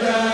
la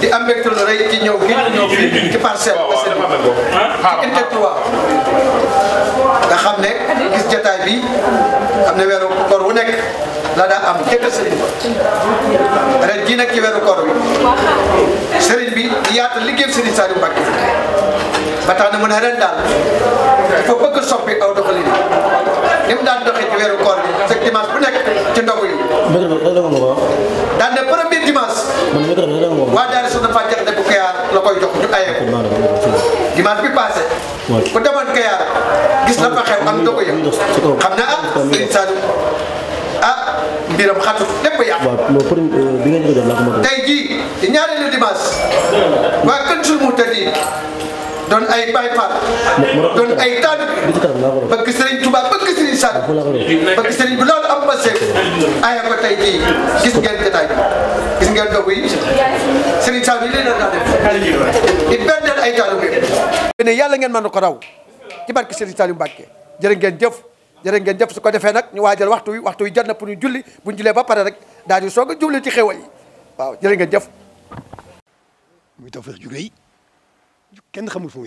di am mbégte lu rëy ci ñëw gi ñëw fii ci parcelle parcelle ah, ci unité 3 nga xam ne gis jotaay bi am na weeru koor wu nekk la da am jëkk sëriñ ba ren jii nag ci weeru koor bi sëriñ bi di yaata liggéeyam sëriñ Saliou Mbacké ba tax na mën a ren daal dafa bëgg soppi aw doxalin ni mu daan doxee ci weeru koor bi chaque nekk ci ndogu waa daara soxna Fatou Diakhaté bu Kayar la koy jox ñu ayee ko dimanche bi passé ku demoon Kayar gis la fa xew am doo ko yëg xam ne ah Serigne Saliou ah mbiram xatu lépp a yàqu. Euh, tey jii di ñaareelu dimanche waa kën sul mu tëddi doon ay Baye Fall doon ay taalibe bëgg Serigne Touba Sadio parce bi loolu am ma seet aya yàlla ngeen mën ko raw ci barke sëriñ Saliou Mbacké jërë ngeen jëf jërë ngeen jëf su ko defee nag ñu waajal waxtu wi waxtu wi jot na pour ñu bu ñu ba pare rek daal di soog a julli ci xéwal yi waaw jërë ngeen jëf muy tawfeex ju kenn xamul fu mu